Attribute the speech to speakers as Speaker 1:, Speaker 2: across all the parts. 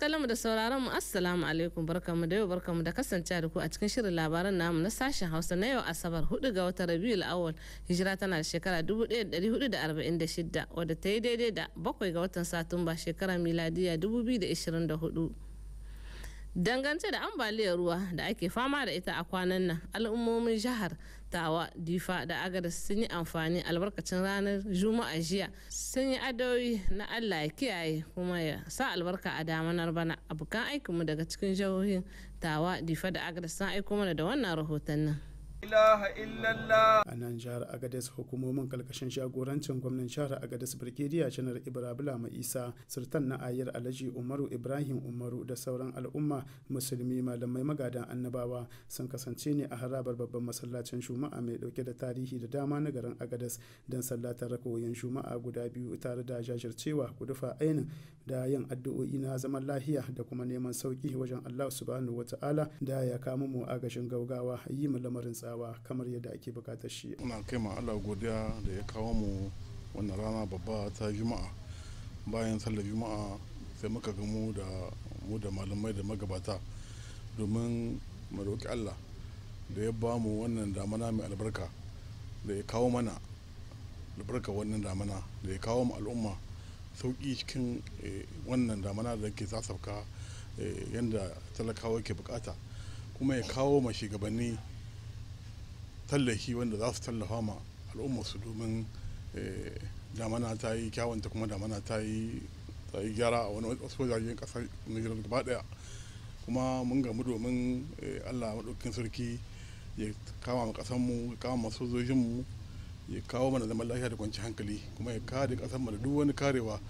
Speaker 1: masu mu da sauraronmu assalamu alaikum barkamu da yau barkamu da kasancewa da ku a cikin shirin labaran namu na sashen hausa na yau asabar 4 ga watan rabiul awal hijira tana da shekara 1446 wadda ta yi daidai da 7 ga watan satumba shekara miladiya 2024 dangance da ambaliyar ruwa da ake fama da ita a kwanan nan al'ummomin jihar tawa difa da agada sun yi amfani albarkacin ranar juma'a jiya sun yi adoyi na allah ya kiyaye kuma ya sa albarka a damanar bana abokan aikinmu daga cikin jihohin tawa difa da agada sun aiko mana da wannan rahoton nan
Speaker 2: a nan jihar agadez hukumomin kalkashin shagorancin gwamnan jihar agadez birgediya janar ibrahima mai isa sultan na ayar alhaji umaru ibrahim umaru da sauran al'umma musulmi malamai magadan annabawa sun kasance ne a harabar babban masallacin juma'a mai dauke da tarihi da dama na garin agadez don sallatar rakoyin juma'a guda biyu tare da jajircewa kudufa ainin da yin addu'o'i na zaman lahiya da kuma neman sauki wajen allah subhanahu ta'ala da ya kama mu agashin gaugawa yi mu lamarin tsari ba kamar yadda ake bukatar shi muna
Speaker 3: kai ma Allah godiya da ya kawo mu wannan rana babba ta juma'a bayan sallar juma'a sai muka gamu da mu da malamai da magabata domin mu roƙi Allah da ya ba mu wannan damana mai albarka da ya kawo mana albarka wannan damana da ya kawo mu al'umma sauki cikin eh, wannan damana da ke sassauka eh, yadda talakawa ke bukata kuma ya kawo ma shugabanni tallafi wanda za su tallafa ma al'ummarsu domin eh, damana ta yi kyawanta kuma damana ta yi gyara a wani wasu wajajen kasar nigeria gaba daya kuma mun gamu domin eh, allah maɗaukin sarki ya kama mu kasanmu ya kama masu mu ya kawo mana zaman lafiya da kwanci hankali kuma ya kare mu da duk wani karewa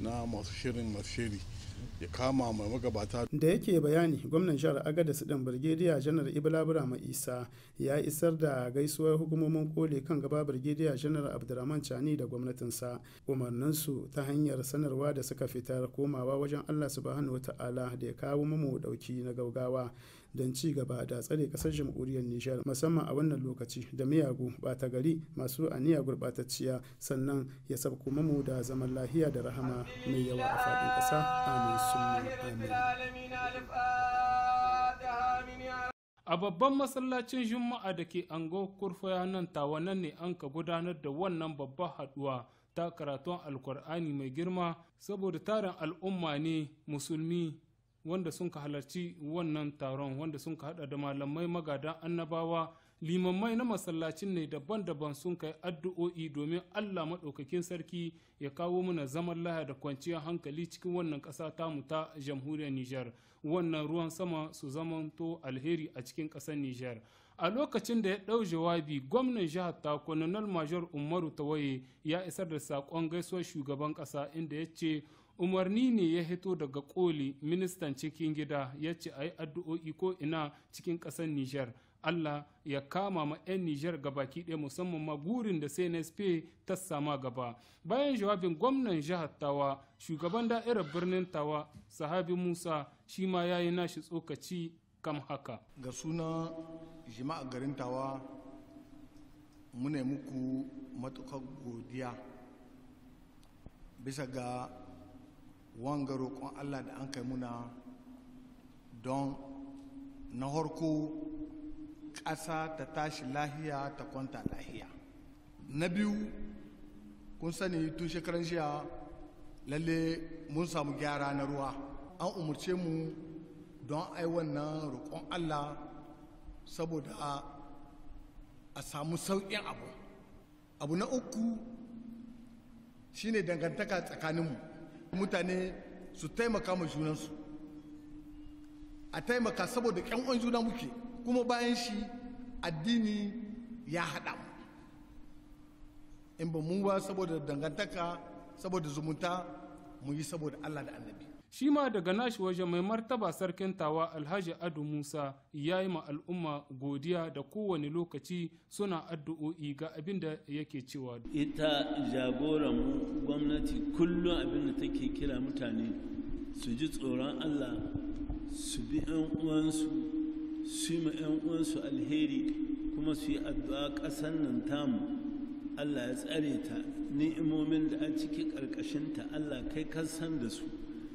Speaker 3: na masu shirin masu shiri ya kama mai magabata.
Speaker 2: Da yake bayani gwamnan jihar Agadez din Birgediya Janar Ibalabura Mai Isa ya isar da gaisuwar hukumomin koli kan gaba birgidiya Janar Abdurrahman Chani da gwamnatinsa umarninsu ta hanyar sanarwa da suka fitar komawa wajen Allah subhanahu wata'ala da ya kawo mamu dauki na gaugawa don ci gaba da tsare kasar jamhuriyar Nijar musamman a wannan lokaci da miyagu bata gari masu aniya gurbatacciya sannan ya sabko mamu da zaman lahiya da rahama mai yawa a fadin kasa. amin
Speaker 4: A babban masallacin Juma'a da ke ango kurfaya nan tawanan ne an ka gudanar da wannan babbar haduwa ta karatun alkur'ani mai girma saboda tarin al'umma ne musulmi wanda sun ka halarci wannan taron wanda sun ka hada da malamai magadan annabawa limammai na masallacin ne daban-daban sun kai addu'o'i domin allah maɗaukakin sarki ya kawo mana zaman laha da kwanciyar hankali cikin wannan ƙasa tamu ta jamhuriyar nijar wannan ruwan sama su zamanto alheri a cikin ƙasar nijar a lokacin da ya ɗau jawabi gwamnan jihar ta kwanonal major umaru tawaye ya isar da saƙon gaisuwar shugaban ƙasa inda ya ce umarni ne ya hito daga koli ministan cikin gida ya ce a yi addu'o'i ko ina cikin ƙasar nijar Allah ya kama ma 'yan Nijar baki ɗaya musamman ma gurin da CNSP ta sama gaba. Bayan jawabin gwamnan jihar Tawa, shugaban da'irar birnin Tawa, Sahabi Musa, shi ma ya yi nashi tsokaci kam haka.
Speaker 5: Ga suna jima'a garin Tawa, muna muku matuƙar godiya bisa ga wanga roƙon Allah da an kai muna don na harko ƙasa ta tashi lahiya ta kwanta lahiya na biyu kun sani tun shekaran jiya lalle mun samu gyara na ruwa an umarce mu don ai wannan roƙon allah saboda a samu sauƙin abu abu na uku shine dangantaka tsakaninmu mutane su taimaka ma junansu a taimaka saboda ƙyan juna muke kuma bayan shi addini ya haɗa mu in ba mu ba saboda dangantaka saboda zumunta mu yi
Speaker 4: saboda Allah da annabi shi ma daga nashi waje mai martaba sarkin tawa alhaji adu musa ya yi ma al'umma godiya da kowane lokaci suna addu'o'i ga abin da yake cewa
Speaker 6: ita jagoran gwamnati kullum abin da take kira mutane su ji tsoron allah su bi 'yan uwansu su yi ma 'yan uwansu alheri kuma su yi addu'a ƙasar nan tamu allah ya tsare ta ni'imomin da a ciki ƙarƙashinta allah kai ka san da su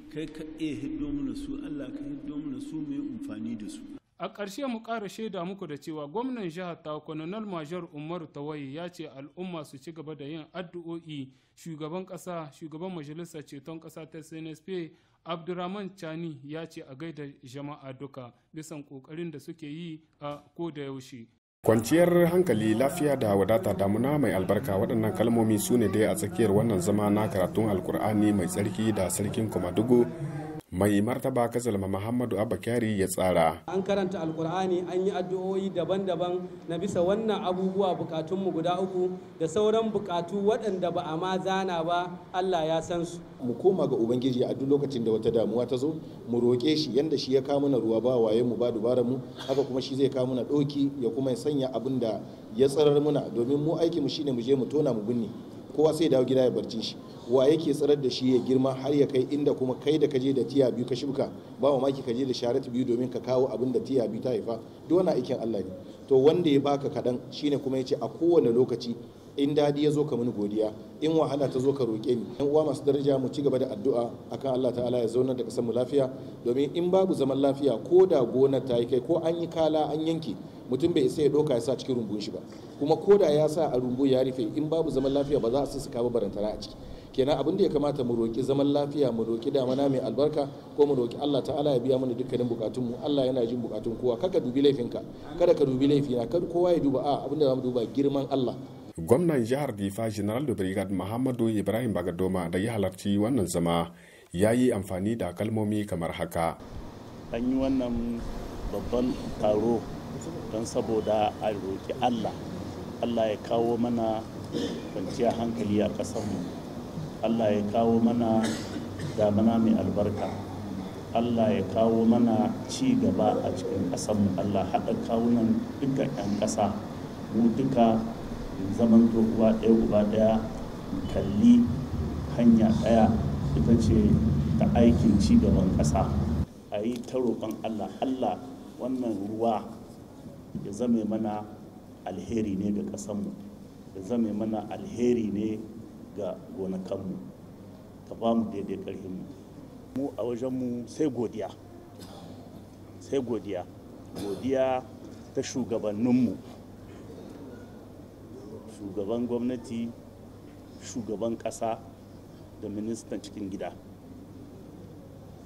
Speaker 6: kai ka iya hiddo mana su allah ka hiddo mana su mu amfani da su
Speaker 4: a ƙarshe mu ƙara shaida muku da cewa gwamnan jihar ta kwanonar majar umaru tawaye ya ce al'umma su ci gaba da yin addu'o'i shugaban ƙasa shugaban majalisar ceton ƙasa ta snsp abdurrahman chani ya ce a gaida jama'a duka bisan kokarin da suke yi a koda yaushe
Speaker 7: kwanciyar hankali lafiya da wadata damuna mai albarka waɗannan kalmomi su ne dai a tsakiyar wannan zama na karatun alkur'ani mai tsarki da sarkin komadugu mai martaba kazalma muhammadu abakari ya tsara
Speaker 8: an karanta alkur'ani an yi addu'o'i daban-daban na bisa wannan abubuwa bukatunmu guda uku da sauran bukatu waɗanda ba a ma zana ba allah ya san su mu koma ga ubangiji a duk lokacin da wata damuwa ta zo mu roƙe shi yanda shi ya kawo na ruwa ba waye mu ba dubara mu haka kuma shi zai kawo na ɗoki ya kuma sanya abin da ya tsarar muna domin mu aikinmu mu shine mu je mu tona mu binne kowa sai dawo gida ya barci shi wa yake tsirar da shi ya girma har ya kai inda kuma kai da kaje da tiya biyu ka shibka ba wa maki kaje da sharat biyu domin ka kawo abin da tiya biyu ta haifa duk wani aikin Allah ne to wanda ya baka kadan shine kuma yace a kowane lokaci in dadi ya zo ka mini godiya in wahala ta zo ka roƙe ni yan uwa masu daraja mu ci gaba da addu'a akan Allah ta'ala ya zauna da kasan mu lafiya domin in babu zaman lafiya ko da gonar ta yi kai ko an yi kala an yanke mutum bai isa ya doka ya sa cikin rumbun shi ba kuma ko da ya sa a rumbu ya rufe in babu zaman lafiya ba za a sassa ba barantana a ciki kenan abin da ya kamata mu roƙi zaman lafiya mu roƙi damana mai albarka ko mu roƙi Allah ta'ala ya biya mana dukkanin mu Allah yana jin bukatun kowa ka
Speaker 7: dubi laifinka
Speaker 8: kada ka dubi laifina kada kowa ya duba a abin da za mu duba girman Allah
Speaker 7: gwamnan jihar difa general da brigade muhammadu ibrahim bagadoma da ya halarci wannan zama
Speaker 6: ya yi amfani da kalmomi kamar haka an yi wannan babban taro don saboda a roƙi allah allah ya kawo mana kwanciyar hankali a ƙasarmu allah ya kawo mana damana mai albarka allah ya kawo mana ci gaba a cikin ƙasarmu allah haɗa kawunan duka 'yan ƙasa mu duka zaman to uwa ɗaya uba ɗaya kalli hanya ɗaya ita ce ta aikin ci gaban ƙasa a yi ta roƙon allah allah wannan ruwa ya zame mana alheri ne ga ƙasanmu ya zame mana alheri ne ga gonakanmu ka ba mu daidai ƙarfinmu mu a wajenmu sai godiya sai godiya godiya ta shugabanninmu shugaban gwamnati shugaban ƙasa da ministan cikin gida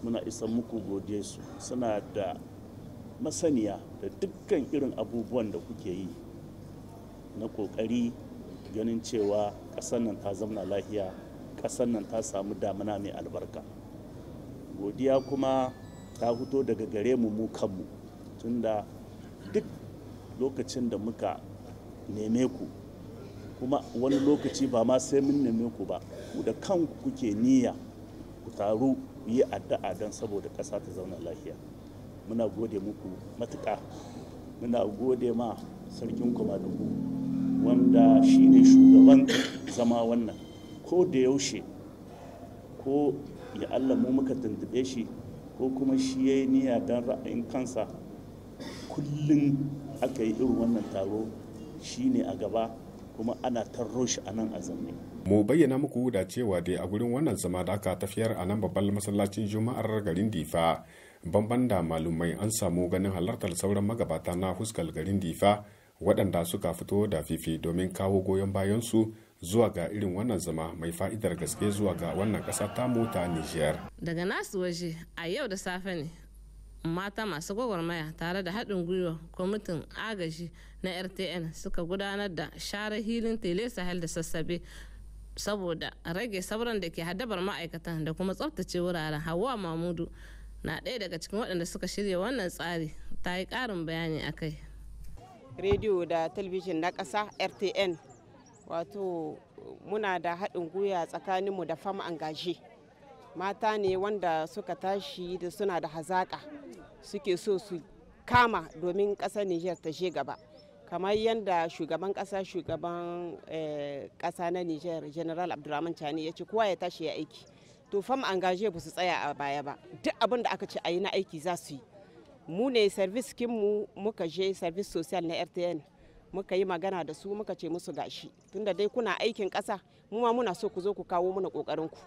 Speaker 6: muna isa muku godiya su suna da masaniya da dukkan irin abubuwan da kuke yi na ƙoƙari ganin cewa ƙasar nan ta zamna lahiya ƙasar nan ta samu damuna mai albarka godiya kuma ta fito daga gare mu mu kanmu tunda duk lokacin da muka neme ku kuma wani lokaci ba ma sai mun neme ku ba ku da kanku kuke niyya ku taru ku yi addu'a don saboda ƙasa ta zauna lafiya muna gode muku matuƙa muna gode ma sarkin da ku wanda shi ne shugaban zama wannan ko da yaushe ko ya allah mu muka tuntube shi ko kuma shi ya yi niyya don ra'ayin kansa kullum aka yi irin wannan taro shi ne a gaba kuma ana tarro shi a nan a zanne.
Speaker 7: mu bayyana muku da cewa dai a gurin wannan zama da aka tafiyar a nan babban masallacin juma'ar garin difa banban da malumai an samu ganin halartar sauran magabata na huskar garin difa waɗanda suka fito da fifi domin kawo goyon bayansu zuwa ga irin wannan zama mai fa'idar gaske zuwa ga wannan ƙasa ta mota niger
Speaker 1: daga nasu waje a yau da safe ne mata masu gwagwarmaya tare da haɗin gwiwa kwamitin agaji na rtn suka gudanar da share hilin tele sahel da sassabe saboda rage sauran da ke haddabar ma'aikatan da kuma tsabtace wuraren hawa mamudu na ɗaya daga cikin waɗanda suka shirya wannan tsari ta yi ƙarin bayani a kai
Speaker 9: rediyo da talabijin na ƙasa rtn wato muna da haɗin gwiwa tsakaninmu da fam angaje mata ne wanda suka tashi da suna da hazaƙa suke so su kama domin ƙasar Nijar ta je gaba. kamar yadda shugaban ƙasa shugaban eh, ƙasa na Nijar General Abdulrahman Chani ya ce kowa ya tashi ya aiki. To fam an gaje ba su tsaya a baya ba. Duk abin da aka ce a yi na aiki za su yi. Mu ne service kinmu muka je service social na RTN muka yi magana da su muka ce musu gashi tunda dai kuna aikin ƙasa mu ma muna so ku zo ku kawo mana ƙoƙarinku. ku.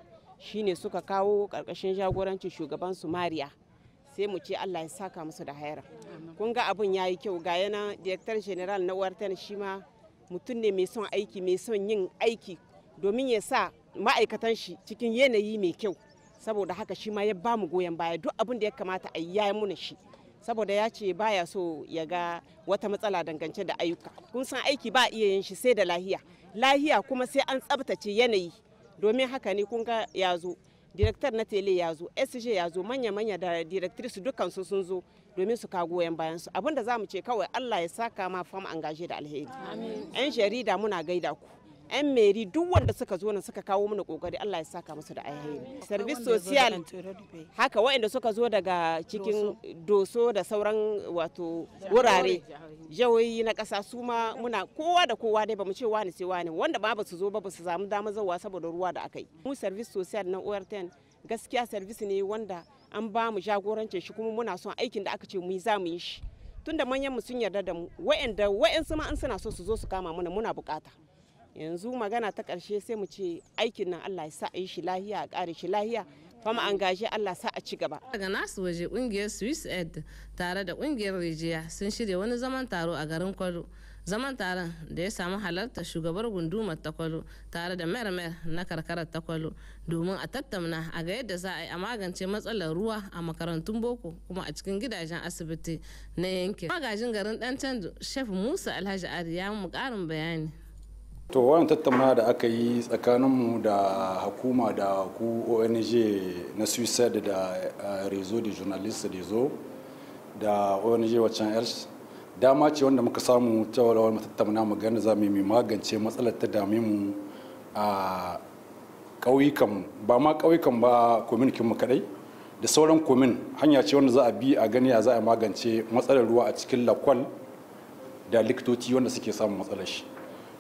Speaker 9: Shi ne suka kawo ƙarƙashin jagorancin shugaban sumariya sai mu ce allah ya saka musu da hayar kun ga abin ya yi kyau ga yana director general na wartan shi ma mutum ne mai son aiki mai son yin aiki domin ya sa ma'aikatan shi cikin yanayi mai kyau saboda haka shi ma ya ba mu goyon baya duk abun da ya kamata a yi ya muna shi saboda ya ce baya so ya ga wata matsala dangance da ayyuka kun san aiki ba iya yin shi sai da lahiya lahiya kuma sai an tsabtace yanayi domin haka ne kun ga ya zo director na tele ya zo sj ya zo manya-manya da directrice dukansu sun zo domin su kago yan bayan su abinda za mu ce kawai allah ya saka ma fam an gaje da alheri 'yan jarida muna gaida ku 'yan meri duk wanda suka zo nan suka kawo mana kokari Allah ya saka musu da alheri service social haka waɗanda suka zo daga cikin doso da sauran wato wurare jawoyi na ƙasa su ma muna kowa da kowa dai bamu ce wani sai wani wanda ba ba su zo ba ba su samu damar zauwa saboda ruwa da aka yi mu service social na ORTN gaskiya service ne wanda an ba mu jagorancin shi kuma muna son aikin da aka ce mu za mu yi shi tunda manyan mu sun yarda da mu wa'anda wa'ansu ma an suna so su zo su kama mana muna bukata yanzu magana ta ƙarshe sai mu ce aikin nan Allah ya sa a yi shi lahiya a ƙare shi lahiya fama an
Speaker 1: gaje Allah sa a ci gaba. Daga nasu waje kungiyar Swiss Aid tare da ƙungiyar Rijiya sun shirya wani zaman taro a garin Kwado. Zaman taron da ya samu halarta shugabar gundumar Takwalo tare da mayar-mayar na karkarar ta Takwalo domin a tattauna a ga yadda za a yi a magance matsalar ruwa a makarantun boko kuma a cikin gidajen asibiti na yankin. Magajin garin Ɗan Candu, Chef Musa Alhaji Ari ya mu karin bayani.
Speaker 4: to
Speaker 10: wannan tattauna da aka yi tsakaninmu da hukuma da ku ong na suicide da eh, rezo da journalist da zo da ong wacan else dama ce wanda muka samu ta wani tattauna magana za mu yi magance matsalar ta dame mu a ƙauyukan ba ma ƙauyukan ba kominikin mu kadai da sauran komin hanya ce wanda za a bi a gani ya za a magance matsalar ruwa a cikin lakwal da likitoci wanda suke samun matsalar shi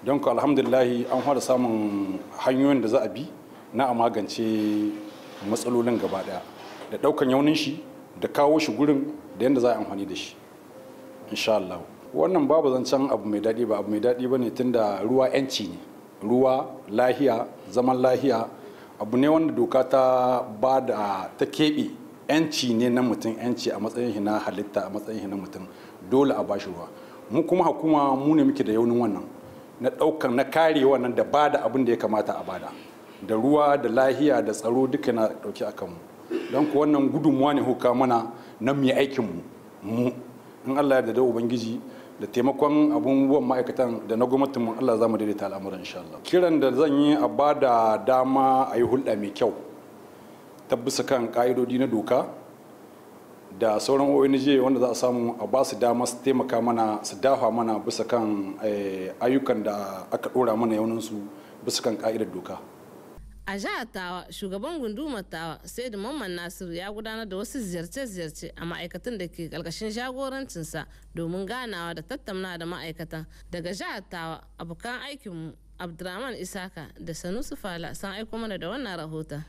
Speaker 10: don ku alhamdulillahi an fara samun hanyoyin da za a bi na a magance matsalolin gaba daya da daukan yaunin shi da kawo shi gurin da yadda za a amfani da shi insha Allah wannan babu zancen abu mai daɗi ba abu mai daɗi ba ne tunda ruwa yanci ne ruwa lahiya zaman lahiya abu ne wanda doka ta ba da ta keɓe yanci ne na mutum yanci a matsayin shi na halitta a matsayin shi na mutum dole a bashi ruwa mu kuma hukuma mu ne muke da yaunin wannan na ɗaukan na kare wannan da bada abin da ya kamata a bada da ruwa da lahiya da tsaro duka na ɗauki a kanmu don ku wannan gudunmuwa ne huka mana na mai aikin mu in Allah ya da ubangiji da taimakon abubuwan ma'aikatan da na gwamnatin mu Allah za mu daidaita al'amuran insha Allah kiran da zan yi a bada dama a yi hulɗa mai kyau tabbisa kan ka'idodi na doka da sauran ong wanda za a samu a ba su dama su taimaka mana su dafa mana bisa kan eh, ayyukan da aka dora mana yauninsu bisa kan ka'idar doka
Speaker 1: a jihar tawa shugaban gundumar tawa sai da mamman nasiru ya gudanar da wasu ziyarce-ziyarce a ma'aikatan da ke karkashin jagorancinsa domin ganawa da tattauna da ma'aikatan daga jihar tawa abokan aikinmu abdulrahman isaka da sanusi fala sun aiko mana da wannan rahoton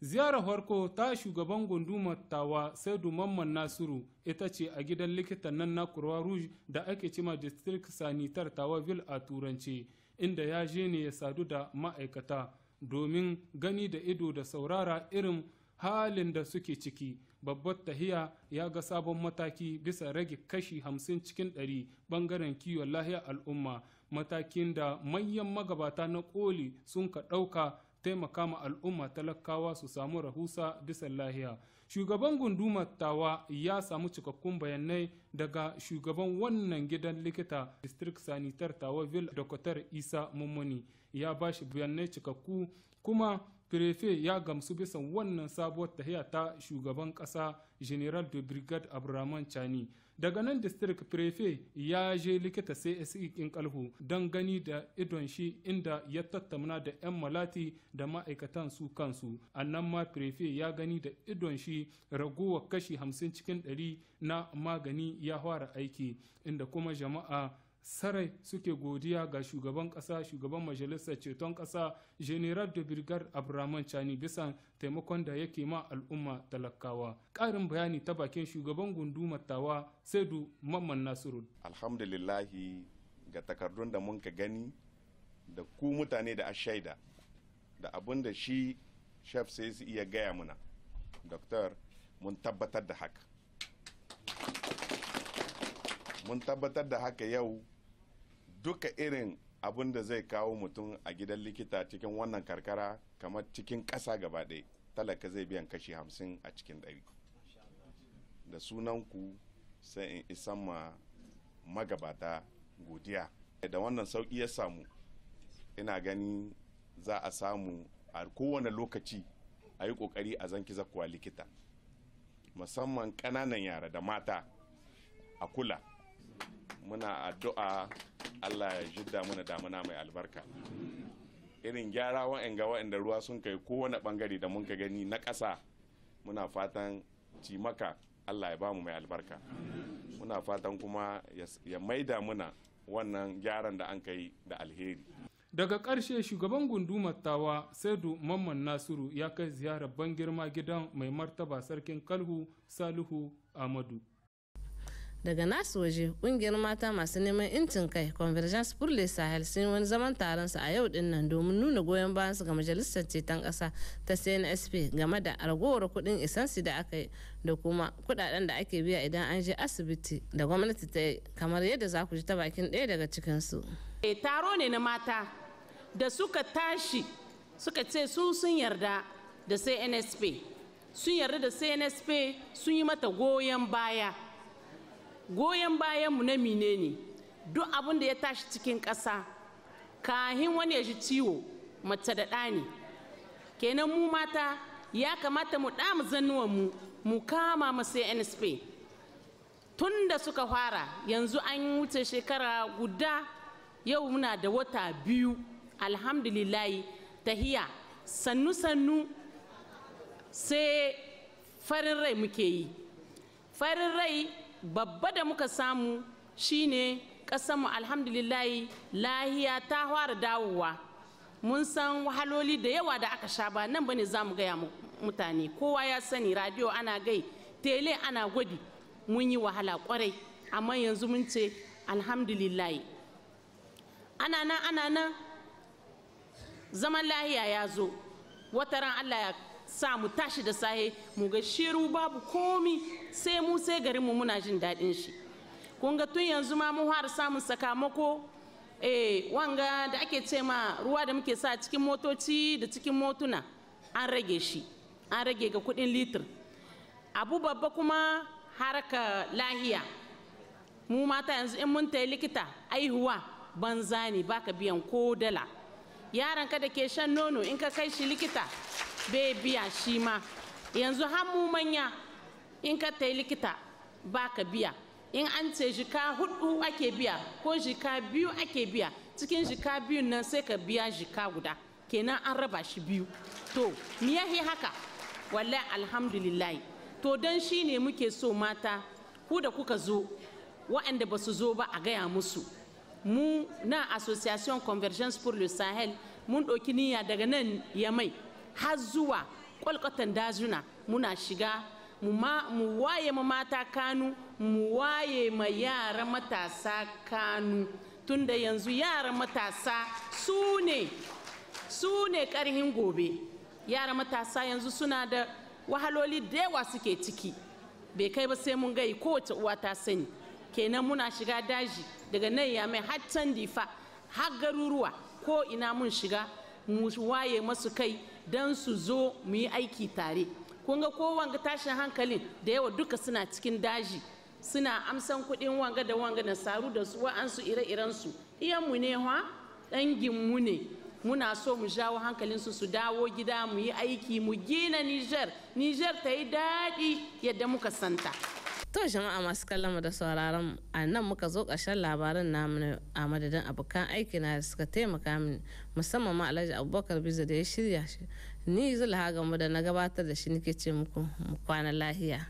Speaker 4: ziyarar farko ta shugaban gundumar tawa saidu mamman nasiru ita ce a gidan likitan nan na kurwa rouge da ake cima district sanitar tawa ville a turance inda ya je ne ya sadu da ma'aikata domin gani da ido da saurara irin halin da suke ciki babbar tahiya ya ga sabon mataki bisa rage kashi hamsin cikin ɗari, bangaren kiwon lahiyar al'umma matakin da manyan magabata na koli sun ka ɗauka taimaka ma al'umma talakawa su samu rahusa bisa lahiya shugaban gunduma tawa ya samu cikakkun bayanai daga shugaban wannan gidan likita district sanitar tawa vil dr isa mummuni ya ba shi bayanai cikakku kuma firefe ya gamsu bisa wannan sabuwar tahiya ta shugaban kasa general de brigade abraman chani daga nan district prefe ya je likita CSE kin kalhu don gani da idon shi inda ya tattauna da 'yan malati da ma'aikatan su kansu annan ma prefe ya gani da idon shi raguwa kashi 50 cikin 100 na magani ya fara aiki inda kuma jama'a sarai suke godiya ga shugaban kasa shugaban majalisar ceton kasa general de brigade abraman chani bisa taimakon da yake ma al'umma talakawa karin bayani ta bakin shugaban gundu tawa saidu mamman nasiru
Speaker 7: alhamdulillahi ga takardun da mun gani da ku mutane da ashaida da abin da shi chef sai su iya gaya muna doktor mun tabbatar da haka mun tabbatar da haka yau duka irin abin da zai kawo mutum a gidan likita cikin wannan karkara kamar cikin ƙasa gaba ɗaya talaka zai biyan kashi hamsin a cikin ɗari da sunanku sai in isan ma magabata godiya da wannan sauƙi ya samu ina gani za a samu a kowane lokaci a yi ƙoƙari a zanki zakuwa likita musamman ƙananan yara da mata a kula muna addu'a allah ya jidda mana damuna mai albarka irin gyara wa'in wa'in wa'anda ruwa sun kai kowane bangare da mun ka gani na ƙasa muna fatan cimaka allah ya ba mu mai albarka muna fatan kuma ya maida muna wannan gyaran da an kai da alheri
Speaker 4: daga karshe shugaban gundumar tawa saidu mamman nasiru ya kai ziyarar ban girma gidan mai martaba sarkin kalhu salihu amadu
Speaker 1: daga nasu waje kungiyar mata masu neman incin kai convergence pour les sahel sun wani zaman taron su a yau din nan domin nuna goyon bayan su ga majalisar ceton kasa ta cnsp game da ragowar kudin isansi da aka yi da kuma kudaden da ake biya idan an je asibiti da gwamnati ta yi kamar yadda za ku ji ta bakin ɗaya daga cikin su.
Speaker 11: e eh, taro ne na mata da suka tashi suka ce su sun yarda da cnsp sun yarda da cnsp sun yi mata goyon baya goyon bayanmu na mine duk abin da ya tashi cikin ƙasa kahin wani ya ji ciwo mace da ɗa ne kenan mu mata ya kamata mu ɗamu zannuwanmu mu mu kama masu nsp tun da suka fara yanzu an yi wuce shekara guda yau muna da wata biyu alhamdulillahi tahiya sannu-sannu sai farin rai muke yi farin rai babba da muka samu shine kasanmu alhamdulillahi lahiya ta fara dawowa mun san wahaloli da yawa da aka sha ba nan bane za mu gaya mutane kowa ya sani radio ana gai tele ana gwadi mun yi wahala kwarai amma yanzu mun ce alhamdulillahi ana nan ana nan zaman lahiya ya zo wataran allah ya sa mu tashi da sahe mu ga shiru babu komi sai mu sai garin mu muna jin daɗin shi kun ga tun yanzu ma mu fara samun sakamako eh wanga da ake ce ma ruwa da muke sa cikin motoci da cikin motuna an rage shi an rage ga kuɗin litir abu babba kuma haraka lahiya mu mata yanzu in mun tayi likita aihuwa banza ne baka biyan ko dala ka da ke shan nono in ka kai shi likita bai biya shi ma yanzu mu manya in ka ta likita ba ka biya in an ce jika hudu ake biya ko jika biyu ake biya cikin jika biyun nan sai ka biya jika guda kenan an raba shi biyu to yahi haka wallahi alhamdulillahi to don shi ne muke so mata ku da kuka zo waɗanda ba su zo ba a gaya musu mu na association convergence pour le sahel mun ɗauki niyya daga nan ya mai. har zuwa kwalkwatan dazuna muna shiga mu waye ma mata kanu mu waye ma yara matasa kanu tunda yanzu yara matasa su ne su ne karhin gobe yara matasa yanzu suna da wahaloli da yawa suke ciki bai kai ba sai mun gai kowace uwa ta sani kenan muna shiga daji daga nan ya mai can difa har garuruwa ko ina mun shiga mu waye masu kai don su zo mu yi aiki tare kun ga kowanga tashin hankalin da yawa duka suna cikin daji suna amsan kuɗin wanga da wanga na saru da su wa'ansu ire-irensu iyanmu ne ha mu ne muna so mu jawo hankalinsu su dawo gida mu yi aiki mu gina Nijar, Nijar ta yi daɗi yadda muka santa
Speaker 1: To jama'a masu kallon mu da sauraron a nan muka zo ƙarshen labarin namu a madadin abokan aiki na suka taimaka min musamman ma Alhaji Abubakar bizo da ya shirya shi. Ni Zulha gamu da na gabatar da shi nake ce muku mu kwana lahiya.